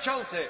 Chelsea.